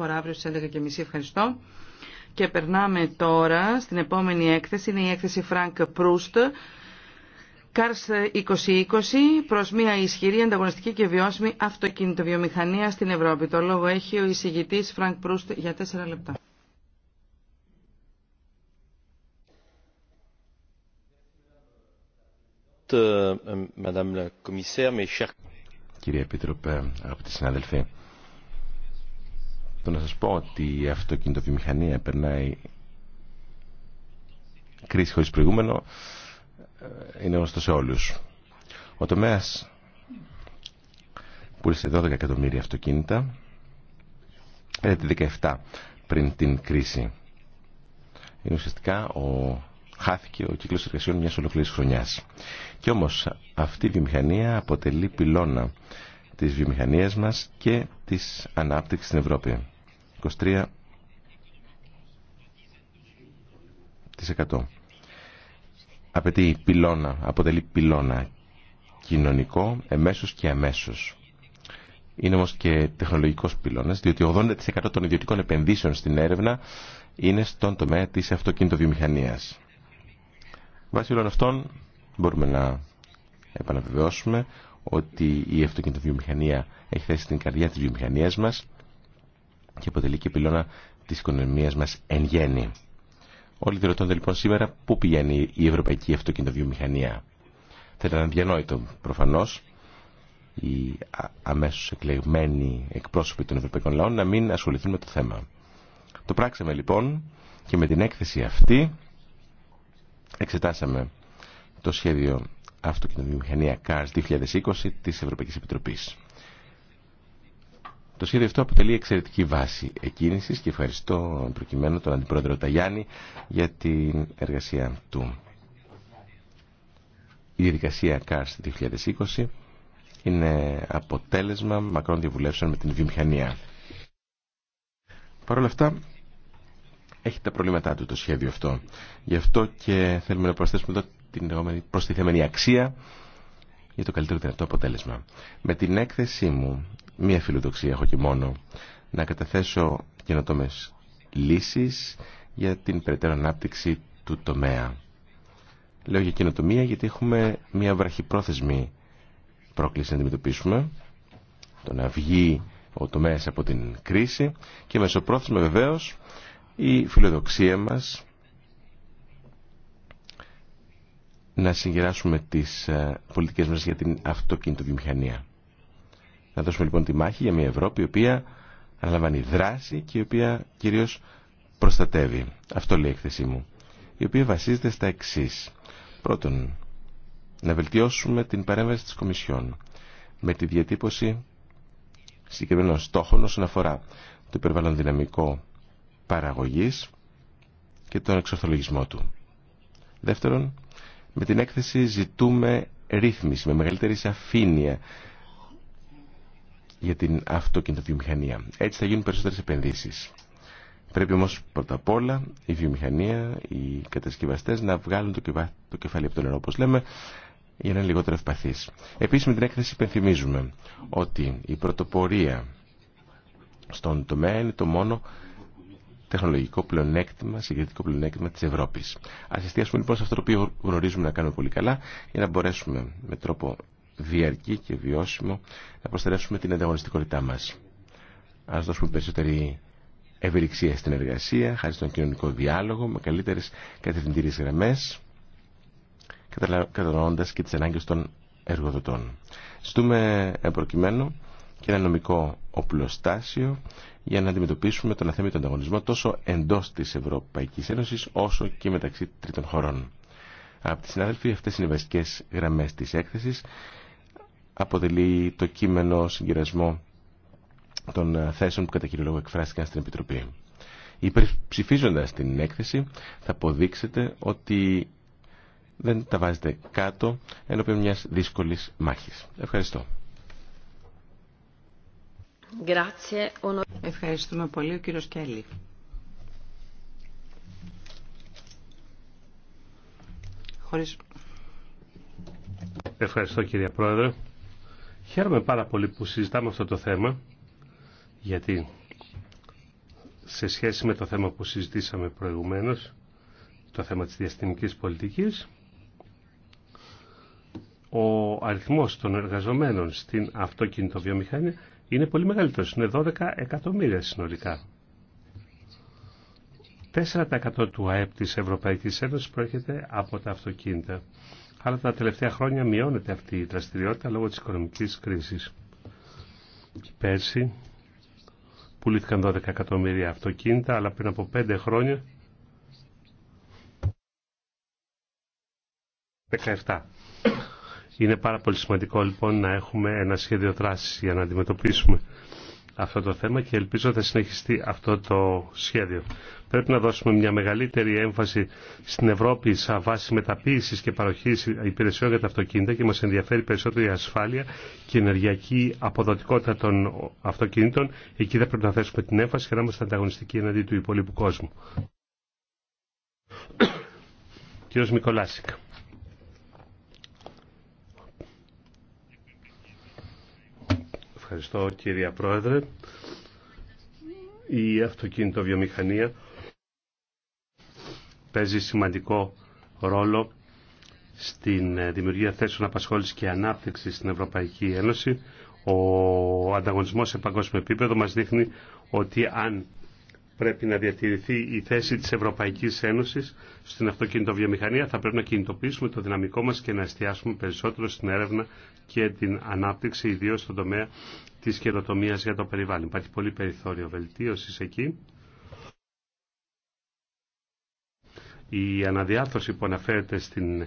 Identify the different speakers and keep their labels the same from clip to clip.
Speaker 1: φορά αύριο στις 11.30. Ευχαριστώ. Και περνάμε τώρα στην επόμενη έκθεση. Είναι η έκθεση Frank Proust. καρς 2020 προς μια ισχυρή, ανταγωνιστική και βιώσιμη αυτοκινητοβιομηχανία στην Ευρώπη. Το λόγο έχει ο εισηγητής Frank Proust για τέσσερα λεπτά.
Speaker 2: Ε, ε, Κύριε Επίτροπε, αγαπητοί συνάδελφοι, το να σας πω ότι η αυτοκινητοβιομηχανία περνάει κρίση χωρίς προηγούμενο ε, είναι γνωστό σε όλους. Ο τομέας πούλησε 12 εκατομμύρια αυτοκίνητα έρετε 17 πριν την κρίση. Είναι ουσιαστικά ο... χάθηκε ο κύκλος εργασιών μιας ολοκλήρης χρονιάς. Και όμως αυτή η βιομηχανία αποτελεί πυλώνα της βιομηχανίας μας και της ανάπτυξης στην Ευρώπη. 23% απαιτεί πυλώνα, αποτελεί πυλώνα κοινωνικό, εμέσως και αμέσως. Είναι όμως και τεχνολογικός πυλώνας, διότι 80% των ιδιωτικών επενδύσεων στην έρευνα είναι στον τομέα της αυτοκίνητοβιομηχανίας. Βάσει όλων αυτών μπορούμε να επαναβεβαιώσουμε ότι η αυτοκινητοβιομηχανία έχει θέσει την καρδιά της βιομηχανίας μας και αποτελεί και πυλώνα της οικονομίας μας εν γέννη. Όλοι ρωτώνται λοιπόν σήμερα πού πηγαίνει η ευρωπαϊκή αυτοκινητοβιομηχανία. Θα ήταν διανόητο, προφανώς οι αμέσως εκλεγμένοι εκπρόσωποι των ευρωπαϊκών λαών να μην ασχοληθούν με το θέμα. Το πράξαμε λοιπόν και με την έκθεση αυτή εξετάσαμε το σχέδιο Αυτοκινητοβιομηχανία CARS 2020 της Ευρωπαϊκής Επιτροπής. Το σχέδιο αυτό αποτελεί εξαιρετική βάση εκκίνησης και ευχαριστώ προκειμένου τον Αντιπρόεδρο Ταγιάννη για την εργασία του. Η διαδικασία CARS 2020 είναι αποτέλεσμα μακρών διαβουλεύσεων με την βιομηχανία. Παρ' όλα αυτά, έχει τα προβλήματά του το σχέδιο αυτό. Γι' αυτό και θέλουμε να προσθέσουμε εδώ την λεγόμενη προστιθέμενη αξία για το καλύτερο δυνατό αποτέλεσμα. Με την έκθεσή μου, μία φιλοδοξία έχω και μόνο, να καταθέσω καινοτόμες λύσει για την περαιτέρω ανάπτυξη του τομέα. Λέω για καινοτομία γιατί έχουμε μία βραχυπρόθεσμη πρόκληση να αντιμετωπίσουμε, το να βγει ο τομέας από την κρίση και μεσοπρόθεσμα βεβαίως η φιλοδοξία μας να συγκεράσουμε τις ε, πολιτικές μας για την αυτοκινητοβιομηχανία. Να δώσουμε λοιπόν τη μάχη για μια Ευρώπη η οποία αναλαμβάνει δράση και η οποία κυρίως προστατεύει. Αυτό λέει η έκθεσή μου. Η οποία βασίζεται στα εξή. Πρώτον, να βελτιώσουμε την παρέμβαση της Κομισιόν με τη διατύπωση συγκεκριμένων στόχων όσον αφορά το υπερβάλλον δυναμικό παραγωγής και τον εξορθολογισμό του. Δεύτερον, με την έκθεση ζητούμε ρύθμιση με μεγαλύτερη σαφήνεια για την αυτοκινητοβιομηχανία. Έτσι θα γίνουν περισσότερε επενδύσει. Πρέπει όμως πρώτα απ' όλα η βιομηχανία, οι κατασκευαστές να βγάλουν το κεφάλι από το νερό όπω λέμε για να είναι λιγότερο ευπαθεί. Επίσης με την έκθεση υπενθυμίζουμε ότι η πρωτοπορία στον τομέα είναι το μόνο τεχνολογικό πλεονέκτημα, συγκεκριτικό πλεονέκτημα τη Ευρώπη. Α εστιάσουμε λοιπόν σε αυτό το οποίο γνωρίζουμε να κάνουμε πολύ καλά για να μπορέσουμε με τρόπο διαρκή και βιώσιμο να προστατεύσουμε την ανταγωνιστικότητά μα. Α δώσουμε περισσότερη ευελιξία στην εργασία, χάρη στον κοινωνικό διάλογο, με καλύτερε κατευθυντήριε γραμμέ, κατανοώντα και τι ανάγκε των εργοδοτών. Στούμε προκειμένου και ένα νομικό οπλοστάσιο για να αντιμετωπίσουμε τον αθέμητο ανταγωνισμό τόσο εντό τη Ευρωπαϊκή Ένωση, όσο και μεταξύ τρίτων χωρών. Από τη συνάδελφοι αυτέ είναι οι βασικέ γραμμέ τη έκθεση Αποτελεί το κείμενο συγκυρασμό των θέσεων που κατά κύριο λόγο εκφράστηκαν στην Επιτροπή. Υπερψηφίζοντα την έκθεση θα αποδείξετε ότι δεν τα βάζετε κάτω ενώπιον μια δύσκολη μάχη. Ευχαριστώ.
Speaker 1: Ευχαριστούμε πολύ. Ο κύριος Κέλλη. Χωρίς...
Speaker 3: Ευχαριστώ κύριε Πρόεδρε. Χαίρομαι πάρα πολύ που συζητάμε αυτό το θέμα, γιατί σε σχέση με το θέμα που συζητήσαμε προηγουμένως, το θέμα της διαστημικής πολιτικής, ο αριθμός των εργαζομένων στην αυτοκινητοβιομηχανία είναι πολύ μεγαλύτερο. Είναι 12 εκατομμύρια συνολικά. 4% του ΑΕΠ της Ευρωπαϊκής Ένωσης προέρχεται από τα αυτοκίνητα. Αλλά τα τελευταία χρόνια μειώνεται αυτή η δραστηριότητα λόγω της οικονομικής κρίσης. Πέρσι πουλήθηκαν 12 εκατομμύρια αυτοκίνητα, αλλά πριν από 5 χρόνια 17. Είναι πάρα πολύ σημαντικό λοιπόν να έχουμε ένα σχέδιο δράσης για να αντιμετωπίσουμε αυτό το θέμα και ελπίζω θα συνεχιστεί αυτό το σχέδιο. Πρέπει να δώσουμε μια μεγαλύτερη έμφαση στην Ευρώπη σε βάση μεταποίηση και παροχή υπηρεσιών για τα αυτοκίνητα και μα ενδιαφέρει περισσότερο η ασφάλεια και η ενεργειακή αποδοτικότητα των αυτοκινήτων. Εκεί θα πρέπει να θέσουμε την έμφαση και να είμαστε ανταγωνιστικοί εναντί του υπόλοιπου κόσμου. Κύριο Μικολάσικα. Ευχαριστώ κύριε Πρόεδρε. Η αυτοκίνητο-βιομηχανία παίζει σημαντικό ρόλο στην ε, δημιουργία θέσεων απασχόλησης και ανάπτυξης στην Ευρωπαϊκή Ένωση. Ο ανταγωνισμός σε παγκόσμιο επίπεδο μας δείχνει ότι αν πρέπει να διατηρηθεί η θέση της Ευρωπαϊκής Ένωσης στην αυτοκινητοβιομηχανία, θα πρέπει να κινητοποιήσουμε το δυναμικό μας και να εστιάσουμε περισσότερο στην έρευνα και την ανάπτυξη, ιδίως στον τομέα της καινοτομία για το περιβάλλον. Υπάρχει πολύ περιθώριο βελτίωσης εκεί. Η αναδιάρθρωση που αναφέρεται στην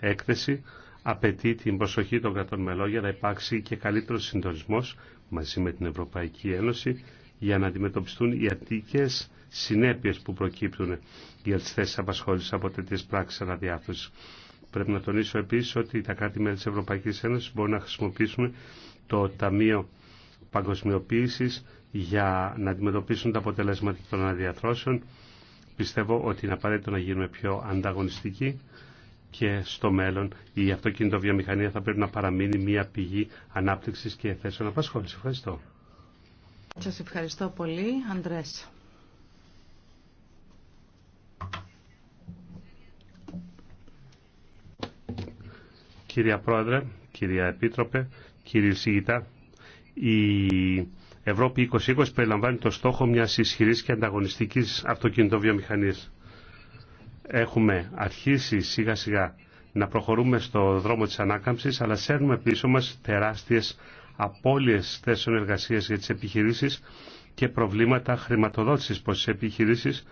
Speaker 3: έκθεση απαιτεί την προσοχή των κρατών μελών για να υπάρξει και καλύτερος συντονισμός μαζί με την Ευρωπαϊκή Ένωση για να αντιμετωπιστούν οι αρνητικές συνέπειες που προκύπτουν για τις θέσεις απασχόλησης από τέτοιες πράξεις αναδιάθρωση. Πρέπει να τονίσω επίσης ότι τα κράτη-μέλη της Ευρωπαϊκής Ένωσης μπορούν να χρησιμοποιήσουν το Ταμείο Παγκοσμιοποίησης για να αντιμετωπίσουν τα αποτελέσματα των αναδιαθρώσεων. Πιστεύω ότι είναι απαραίτητο να γίνουμε πιο ανταγωνιστικοί και στο μέλλον η αυτοκινητοβιομηχανία θα πρέπει να παραμείνει μια πηγή ανάπτυξης και θέσεων απασχόληση. Ευχαριστώ.
Speaker 1: Σας ευχαριστώ πολύ. Αντρές.
Speaker 3: Κυρία Πρόεδρε, κυρία Επίτροπε, κύριε Σιγητά, η Ευρώπη 2020 περιλαμβάνει το στόχο μιας ισχυρής και ανταγωνιστικής αυτοκινητοβιομηχανίας. Έχουμε αρχίσει σιγά σιγά να προχωρούμε στο δρόμο της ανάκαμψης, αλλά σέρνουμε πίσω μας τεράστιες απώλειες θέσεων εργασίας για τις επιχειρήσεις και προβλήματα χρηματοδότησης προς τις επιχειρήσεις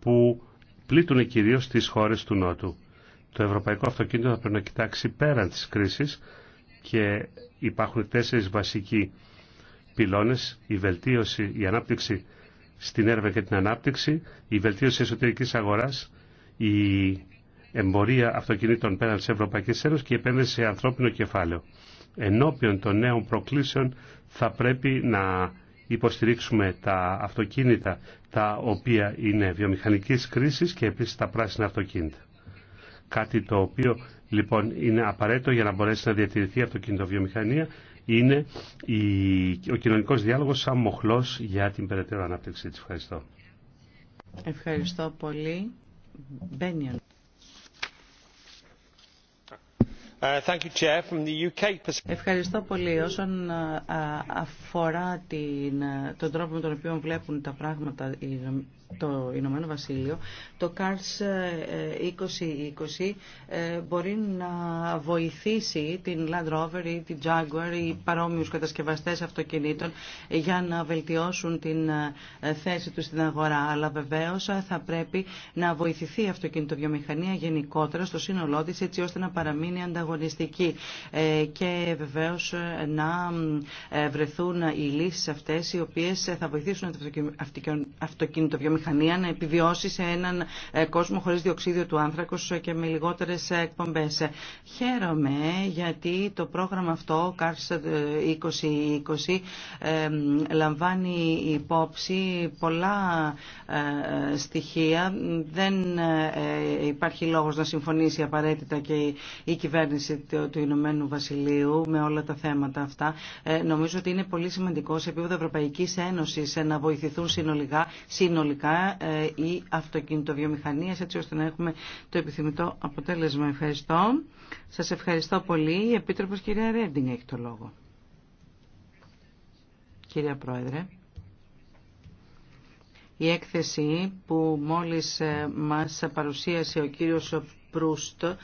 Speaker 3: που πλήττουν κυρίως τις χώρες του Νότου. Το ευρωπαϊκό αυτοκίνητο θα πρέπει να κοιτάξει πέραν της κρίσης και υπάρχουν τέσσερις βασικοί πυλώνες, η βελτίωση, η ανάπτυξη στην έρευνα και την ανάπτυξη, η βελτίωση εσωτερικής αγοράς, η εμπορία αυτοκινήτων πέραν της Ευρωπαϊκής Ένωσης και η επένδυση σε ανθρώπινο κεφάλαιο ενώπιον των νέων προκλήσεων θα πρέπει να υποστηρίξουμε τα αυτοκίνητα τα οποία είναι βιομηχανικής κρίσης και επίσης τα πράσινα αυτοκίνητα. Κάτι το οποίο λοιπόν είναι απαραίτητο για να μπορέσει να διατηρηθεί η αυτοκινητοβιομηχανία είναι η, ο κοινωνικός διάλογος σαν μοχλός για την περαιτέρω ανάπτυξη της. Ευχαριστώ.
Speaker 1: Ευχαριστώ πολύ. Μπένιον. Uh, Ευχαριστώ πολύ. Όσον uh, αφορά uh, τον τρόπο με τον οποίο βλέπουν τα πράγματα οι το Ηνωμένο Βασίλειο, το CARS 2020 ε, ε, μπορεί να βοηθήσει την Land Rover ή την Jaguar ή παρόμοιους κατασκευαστές αυτοκινήτων για να βελτιώσουν την ε, θέση τους στην αγορά. Αλλά βεβαίως θα πρέπει να βοηθηθεί η αυτοκινητοβιομηχανία γενικότερα στο σύνολό της έτσι ώστε να παραμείνει ανταγωνιστική και βεβαίως να βρεθούν οι λύσεις αυτές οι οποίες θα βοηθήσουν την αυτοκινητοβιομηχανία βιομηχανία να επιβιώσει σε έναν ε, κόσμο χωρίς διοξίδιο του άνθρακο και με λιγότερες ε, εκπομπέ. Χαίρομαι γιατί το πρόγραμμα αυτό, CARS 2020, ε, λαμβάνει υπόψη πολλά στοιχεία. Δεν υπάρχει λόγος να συμφωνήσει απαραίτητα και η κυβέρνηση του Ηνωμένου Βασιλείου με όλα τα θέματα αυτά. Νομίζω ότι είναι πολύ σημαντικό σε επίπεδο Ευρωπαϊκής Ένωσης να βοηθηθούν συνολικά, συνολικά ή αυτοκίνητο βιομηχανίας, έτσι ώστε να έχουμε το επιθυμητό αποτέλεσμα. Ευχαριστώ. Σας ευχαριστώ πολύ. Η Η αυτοκινητοβιομηχανια έτσι ώστε να έχουμε το επιθυμητό αποτέλεσμα. Ευχαριστώ. Σας ευχαριστώ πολύ. Η Επίτροπος κυρία Ρέντινγκ έχει το λόγο. Κυρία Πρόεδρε. Η έκθεση που μόλις ε, μας παρουσίασε ο κύριος Προύστ ε,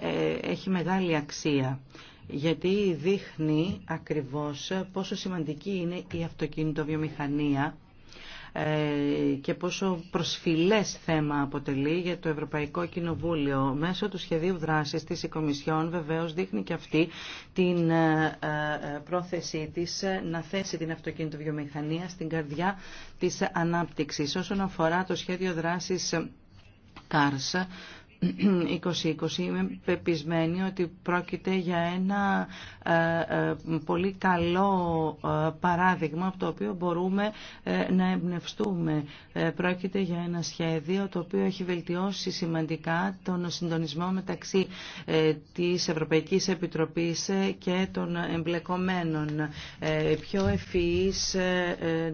Speaker 1: ε, έχει μεγάλη αξία γιατί δείχνει ακριβώς πόσο σημαντική είναι η αυτοκινητοβιομηχανία ε, και πόσο προσφυλές θέμα αποτελεί για το Ευρωπαϊκό Κοινοβούλιο. Μέσω του σχεδίου δράσης της Οικομισιόν βεβαίως δείχνει και αυτή την ε, ε, πρόθεσή της να θέσει την αυτοκινητοβιομηχανία στην καρδιά της ανάπτυξης. Όσον αφορά το σχέδιο δράσης CARS, 2020 είμαι πεπισμένη ότι πρόκειται για ένα ε, ε, πολύ καλό ε, παράδειγμα από το οποίο μπορούμε να εμπνευστούμε. Πρόκειται για ένα σχέδιο το οποίο έχει βελτιώσει σημαντικά τον συντονισμό μεταξύ της Ευρωπαϊκής Επιτροπής και των εμπλεκομένων. Πιο ευφυής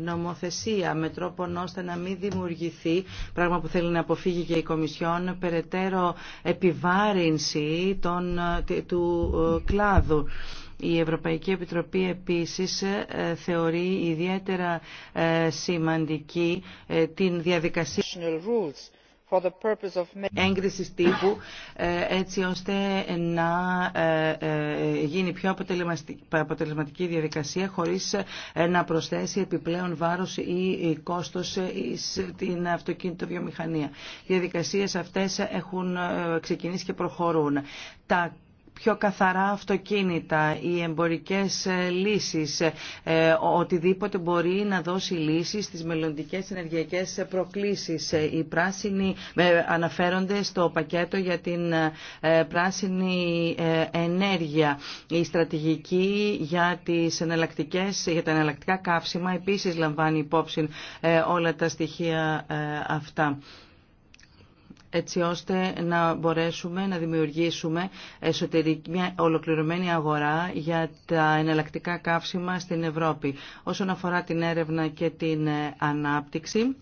Speaker 1: νομοθεσία με τρόπο ώστε να μην δημιουργηθεί, πράγμα που θέλει να αποφύγει και η Κομισιόν, περαιτέρω μεγαλύτερο επιβάρυνση των, του ε, κλάδου. Η Ευρωπαϊκή Επιτροπή επίσης ε, θεωρεί ιδιαίτερα ε, σημαντική την διαδικασία Έγκριση τύπου ε, έτσι ώστε να ε, ε, γίνει πιο αποτελεσματική διαδικασία χωρίς να προσθέσει επιπλέον βάρος ή κόστος στην αυτοκίνητο βιομηχανία. Οι διαδικασίες αυτές έχουν ξεκινήσει και προχωρούν πιο καθαρά αυτοκίνητα, οι εμπορικές ε, λύσεις, ε, ε, οτιδήποτε μπορεί να δώσει λύσεις στις μελλοντικές ενεργειακές προκλήσεις. Οι πράσινοι αναφέρονται στο πακέτο για την πράσινη ενέργεια. Η στρατηγική για, τις εναλλακτικές, για τα εναλλακτικά καύσιμα επίσης λαμβάνει υπόψη όλα τα στοιχεία αυτά έτσι ώστε να μπορέσουμε να δημιουργήσουμε εσωτερική, μια ολοκληρωμένη αγορά για τα εναλλακτικά καύσιμα στην Ευρώπη. Όσον αφορά την έρευνα και την ε, ανάπτυξη,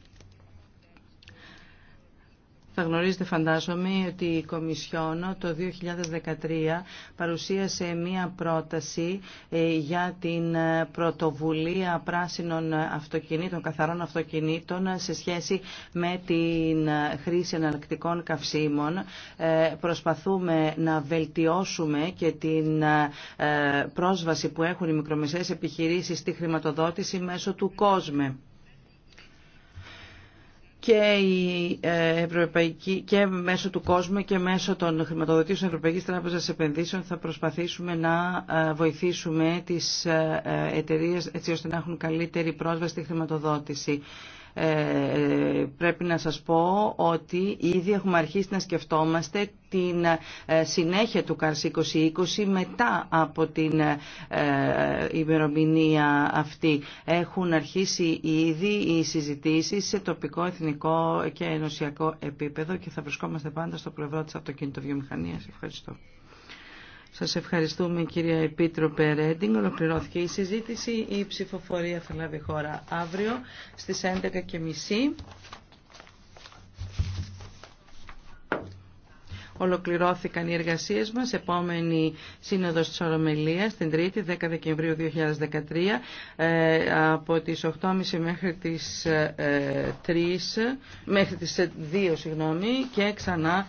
Speaker 1: θα γνωρίζετε φαντάζομαι ότι η Κομισιόνο το 2013 παρουσίασε μία πρόταση ε, για την ε, πρωτοβουλία πράσινων αυτοκινήτων, καθαρών αυτοκινήτων σε σχέση με την ε, χρήση εναλλακτικών καυσίμων. Προσπαθούμε να βελτιώσουμε και την πρόσβαση που έχουν οι μικρομεσαίες επιχειρήσεις στη χρηματοδότηση μέσω του κόσμου και, η ε, Ευρωπαϊκή, και μέσω του κόσμου και μέσω των χρηματοδοτήσεων Ευρωπαϊκής Τράπεζας Επενδύσεων θα προσπαθήσουμε να ε, βοηθήσουμε τις ε, εταιρείες έτσι ώστε να έχουν καλύτερη πρόσβαση στη χρηματοδότηση. Ε, πρέπει να σας πω ότι ήδη έχουμε αρχίσει να σκεφτόμαστε την ε, συνέχεια του ΚΑΡΣ 2020 μετά από την ε, ημερομηνία αυτή. Έχουν αρχίσει ήδη οι συζητήσεις σε τοπικό, εθνικό και ενωσιακό επίπεδο και θα βρισκόμαστε πάντα στο πλευρό της αυτοκινητοβιομηχανίας. Ευχαριστώ. Σας ευχαριστούμε κυρία Επίτροπε Ρέντινγκ. Ολοκληρώθηκε η συζήτηση. Η ψηφοφορία θα λάβει χώρα αύριο στις 11.30. Ολοκληρώθηκαν οι εργασίες μας. Επόμενη σύνοδος της Ορομελίας, την 3η, 10 Δεκεμβρίου 2013, ε, από τις 8.30 μέχρι τις, 3, ε, ε, μέχρι τις 2 συγγνώμη, και ξανά